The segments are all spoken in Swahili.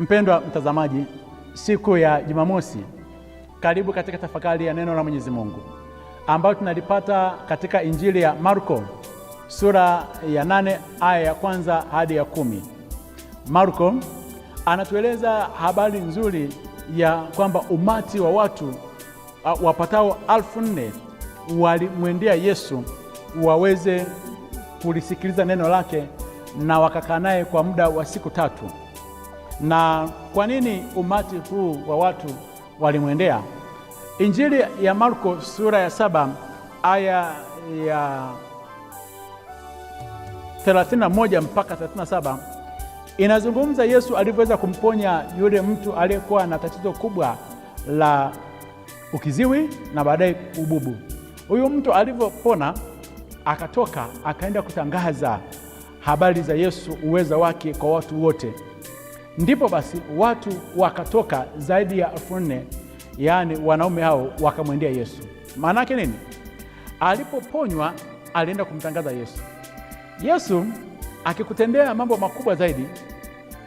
Mpendwa mtazamaji, siku ya Jumamosi, karibu katika tafakari ya neno la Mwenyezi Mungu ambayo tunalipata katika Injili ya Marko sura ya nane aya ya kwanza hadi ya kumi. Marko anatueleza habari nzuri ya kwamba umati wa watu wapatao alfu nne walimwendea Yesu waweze kulisikiliza neno lake na wakakaa naye kwa muda wa siku tatu na kwa nini umati huu wa watu walimwendea? Injili ya Marko sura ya saba aya ya 31 mpaka 37 inazungumza Yesu alivyoweza kumponya yule mtu aliyekuwa na tatizo kubwa la ukiziwi na baadaye ububu. Huyu mtu alivyopona, akatoka akaenda kutangaza habari za Yesu, uweza wake kwa watu wote. Ndipo basi watu wakatoka zaidi ya elfu nne yaani wanaume hao wakamwendea Yesu. Maana yake nini? Alipoponywa alienda kumtangaza Yesu. Yesu akikutendea mambo makubwa zaidi,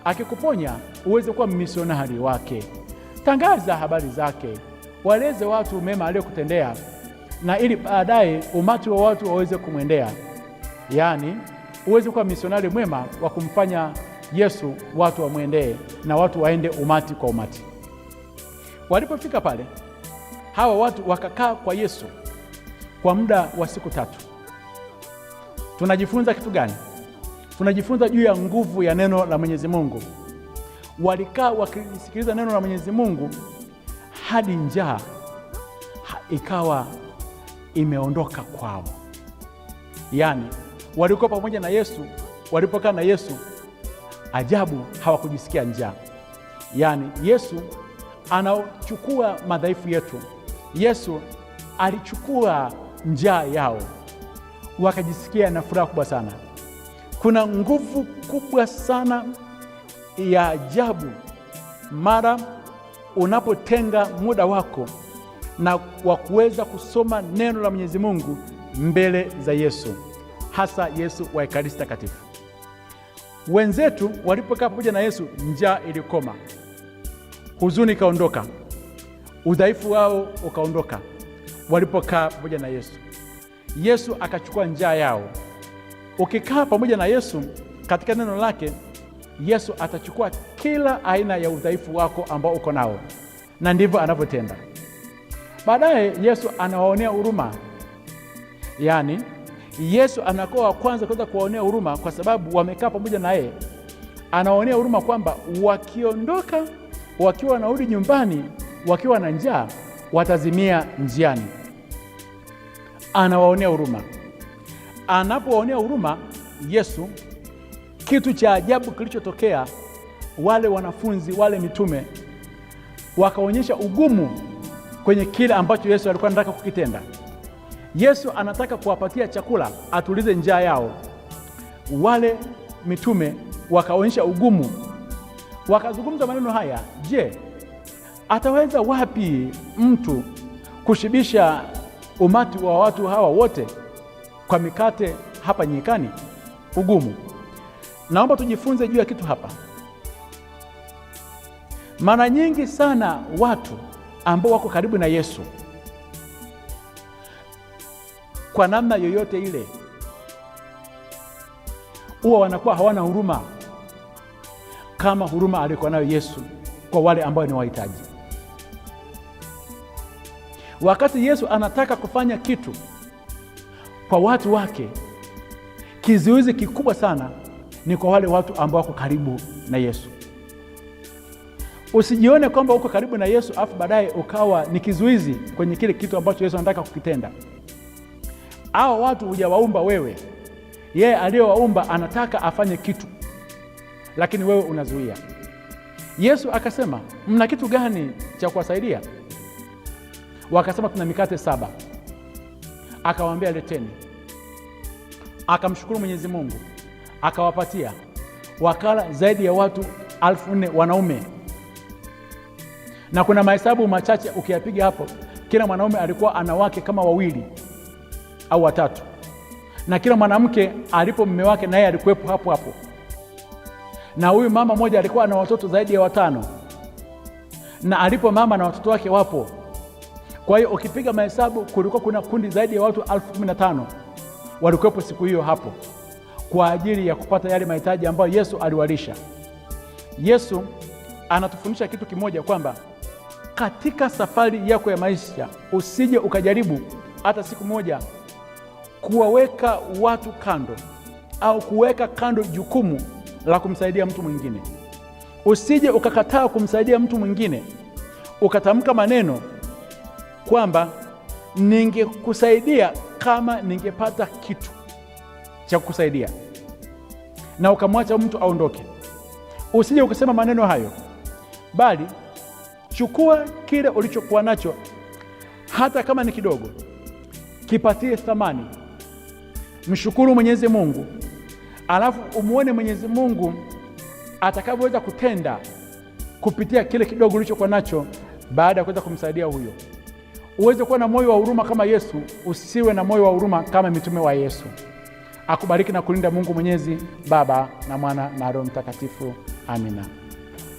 akikuponya, uweze kuwa misionari wake. Tangaza habari zake, waeleze watu mema aliyokutendea, na ili baadaye umati wa watu waweze kumwendea, yaani uweze kuwa misionari mwema wa kumfanya Yesu watu wamwendee na watu waende umati kwa umati. Walipofika pale, hawa watu wakakaa kwa Yesu kwa muda wa siku tatu. Tunajifunza kitu gani? Tunajifunza juu ya nguvu ya neno la Mwenyezi Mungu. Walikaa wakisikiliza neno la Mwenyezi Mungu hadi njaa ikawa imeondoka kwao. Yaani, walikuwa pamoja na Yesu, walipokaa na Yesu Ajabu, hawakujisikia njaa. Yaani Yesu anachukua madhaifu yetu. Yesu alichukua njaa yao, wakajisikia na furaha kubwa sana. Kuna nguvu kubwa sana ya ajabu mara unapotenga muda wako na wa kuweza kusoma neno la Mwenyezi Mungu mbele za Yesu, hasa Yesu wa Ekaristi Takatifu. Wenzetu walipokaa pamoja na Yesu, njaa ilikoma, huzuni ikaondoka, udhaifu wao ukaondoka walipokaa pamoja na Yesu. Yesu akachukua njaa yao. Ukikaa pamoja na Yesu katika neno lake, Yesu atachukua kila aina ya udhaifu wako ambao uko nao, na ndivyo anavyotenda. Baadaye Yesu anawaonea huruma, yaani Yesu anakuwa wa kwanza kuweza kuwaonea huruma, kwa sababu wamekaa pamoja na yeye. Anawaonea huruma kwamba wakiondoka, wakiwa wanarudi nyumbani, wakiwa na njaa, watazimia njiani. Anawaonea huruma. Anapowaonea huruma Yesu, kitu cha ajabu kilichotokea, wale wanafunzi wale mitume wakaonyesha ugumu kwenye kile ambacho Yesu alikuwa anataka kukitenda. Yesu anataka kuwapatia chakula atulize njaa yao. Wale mitume wakaonyesha ugumu, wakazungumza maneno haya: Je, ataweza wapi mtu kushibisha umati wa watu hawa wote kwa mikate hapa nyikani? Ugumu. Naomba tujifunze juu ya kitu hapa. Mara nyingi sana watu ambao wako karibu na Yesu kwa namna yoyote ile, huwa wanakuwa hawana huruma kama huruma aliyokuwa nayo Yesu kwa wale ambao ni wahitaji. Wakati Yesu anataka kufanya kitu kwa watu wake, kizuizi kikubwa sana ni kwa wale watu ambao wako karibu na Yesu. Usijione kwamba uko karibu na Yesu afu baadaye ukawa ni kizuizi kwenye kile kitu ambacho Yesu anataka kukitenda. Hao watu hujawaumba wewe, yeye aliyowaumba anataka afanye kitu, lakini wewe unazuia. Yesu akasema, mna kitu gani cha kuwasaidia? Wakasema, tuna mikate saba. Akawaambia, leteni. Akamshukuru Mwenyezi Mungu, akawapatia, wakala zaidi ya watu alfu nne wanaume. Na kuna mahesabu machache ukiyapiga hapo, kila mwanaume alikuwa ana wake kama wawili au watatu, na kila mwanamke alipo mume wake naye alikuwepo hapo hapo, na huyu mama mmoja alikuwa na watoto zaidi ya watano, na alipo mama na watoto wake wapo. Kwa hiyo ukipiga mahesabu, kulikuwa kuna kundi zaidi ya watu elfu kumi na tano walikuwepo siku hiyo hapo kwa ajili ya kupata yale mahitaji ambayo Yesu aliwalisha. Yesu anatufundisha kitu kimoja kwamba katika safari yako ya maisha usije ukajaribu hata siku moja kuwaweka watu kando au kuweka kando jukumu la kumsaidia mtu mwingine. Usije ukakataa kumsaidia mtu mwingine ukatamka maneno kwamba ningekusaidia kama ningepata kitu cha kukusaidia, na ukamwacha mtu aondoke. Usije ukasema maneno hayo, bali chukua kile ulichokuwa nacho, hata kama ni kidogo, kipatie thamani. Mshukuru Mwenyezi Mungu, alafu umwone Mwenyezi Mungu atakavyoweza kutenda kupitia kile kidogo ulichokuwa nacho, baada ya kuweza kumsaidia huyo. Uweze kuwa na moyo wa huruma kama Yesu, usiwe na moyo wa huruma kama mitume wa Yesu. Akubariki na kulinda Mungu Mwenyezi, Baba na Mwana na Roho Mtakatifu. Amina.